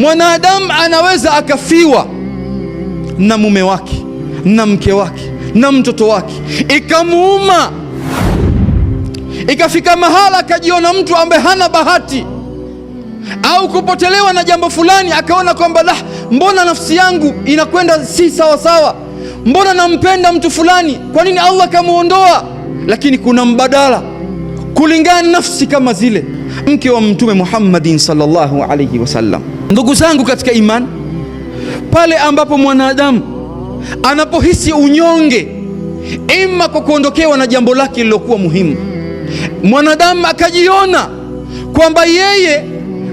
Mwanadamu anaweza akafiwa na mume wake na mke wake na mtoto wake, ikamuuma, ikafika mahala akajiona mtu ambaye hana bahati, au kupotelewa na jambo fulani, akaona kwamba la, mbona nafsi yangu inakwenda si sawa sawa, mbona nampenda mtu fulani, kwa nini Allah kamuondoa? Lakini kuna mbadala kulingana nafsi kama zile mke wa Mtume Muhammadin sallallahu alayhi wasallam. Ndugu zangu katika imani, pale ambapo mwanadamu anapohisi unyonge, ima kwa kuondokewa na jambo lake lilokuwa muhimu, mwanadamu akajiona kwamba yeye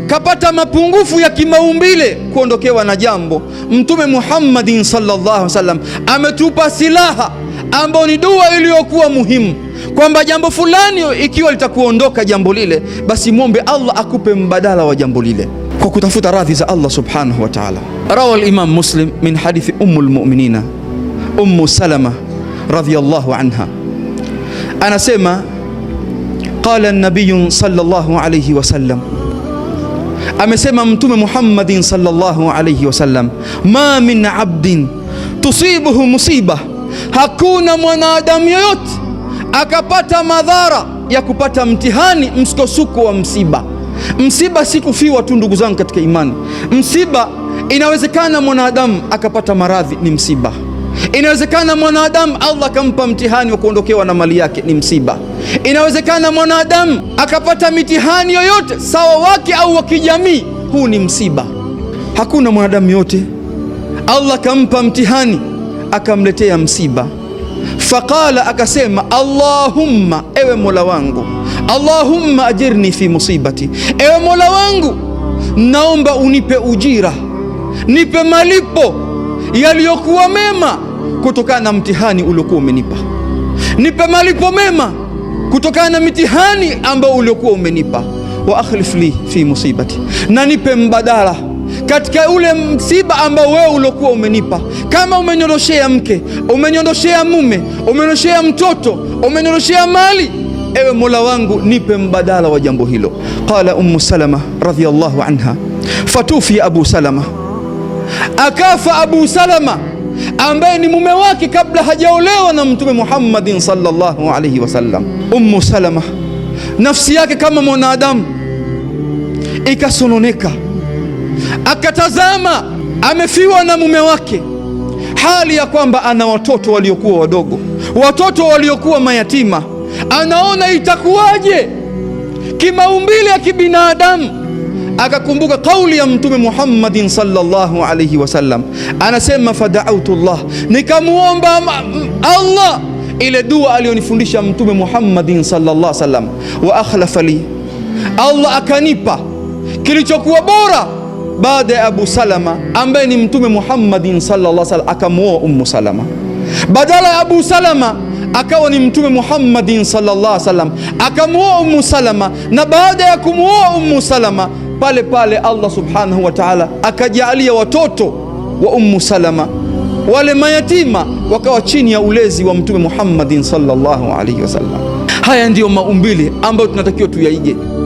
kapata mapungufu ya kimaumbile, kuondokewa na jambo. Mtume Muhammadin sallallahu alayhi wasallam ametupa silaha ambayo ni dua iliyokuwa muhimu kwamba jambo fulani ikiwa litakuondoka jambo lile, basi mwombe Allah akupe mbadala wa jambo lile kwa kutafuta radhi za Allah subhanahu wa ta'ala. Rawa Imam Muslim min hadithi Ummu lmuminina Ummu Salama radhiyallahu anha, anasema qala nabiyu sallallahu alayhi wasallam amesema Mtume Muhammadin sallallahu alayhi wasallam, ma min abdin tusibuhu musiba, hakuna mwanadamu yoyote akapata madhara ya kupata mtihani, msukosuko wa msiba. Msiba si kufiwa tu, ndugu zangu katika imani. Msiba inawezekana mwanadamu akapata maradhi, ni msiba. Inawezekana mwanadamu Allah akampa mtihani wa kuondokewa na mali yake, ni msiba. Inawezekana mwanadamu akapata mitihani yoyote, sawa wake au wa kijamii, huu ni msiba. Hakuna mwanadamu yote Allah akampa mtihani akamletea msiba. Faqala, akasema Allahumma, ewe Mola wangu, Allahumma ajirni fi musibati, ewe Mola wangu, naomba unipe ujira, nipe malipo yaliyokuwa mema kutokana na mtihani uliokuwa umenipa, nipe malipo mema kutokana na mitihani ambayo uliokuwa umenipa. Wa akhlif li fi musibati, na nipe mbadala katika ule msiba ambao wewe uliokuwa umenipa. Kama umeniondoshea mke, umeniondoshea mume, umeniondoshea mtoto, umeniondoshea mali, ewe Mola wangu nipe mbadala wa jambo hilo. Qala Ummu Salama radhiyallahu anha, fatufi Abu Salama, akafa Abu Salama ambaye ni mume wake kabla hajaolewa na Mtume Muhammadin sallallahu alayhi wasallam. Ummu Salama nafsi yake kama mwanadamu ikasononeka akatazama amefiwa na mume wake, hali ya kwamba ana watoto waliokuwa wadogo, watoto waliokuwa mayatima. Anaona itakuwaje kimaumbile ya kibinadamu. Akakumbuka kauli ya Mtume Muhammadin sallallahu alayhi wasallam, anasema fadautu llah, nikamwomba Allah ile dua aliyonifundisha Mtume Muhammadin sallallahu alayhi wasallam, wa akhlafa li, Allah akanipa kilichokuwa bora baada ya Abu Salama ambaye ni Mtume Muhammadin sallallahu alaihi wasallam akamwoa Ummu Salama, badala ya Abu Salama akawa ni Mtume Muhammadin sallallahu alaihi wasallam akamwoa Ummu Salama, na baada ya kumwoa Ummu Salama pale pale Allah subhanahu wa ta'ala akajalia watoto wa Ummu Salama wale mayatima wakawa chini ya ulezi wa Mtume Muhammadin sallallahu alaihi wasallam. Haya ndiyo maumbile ambayo tunatakiwa tuyaige.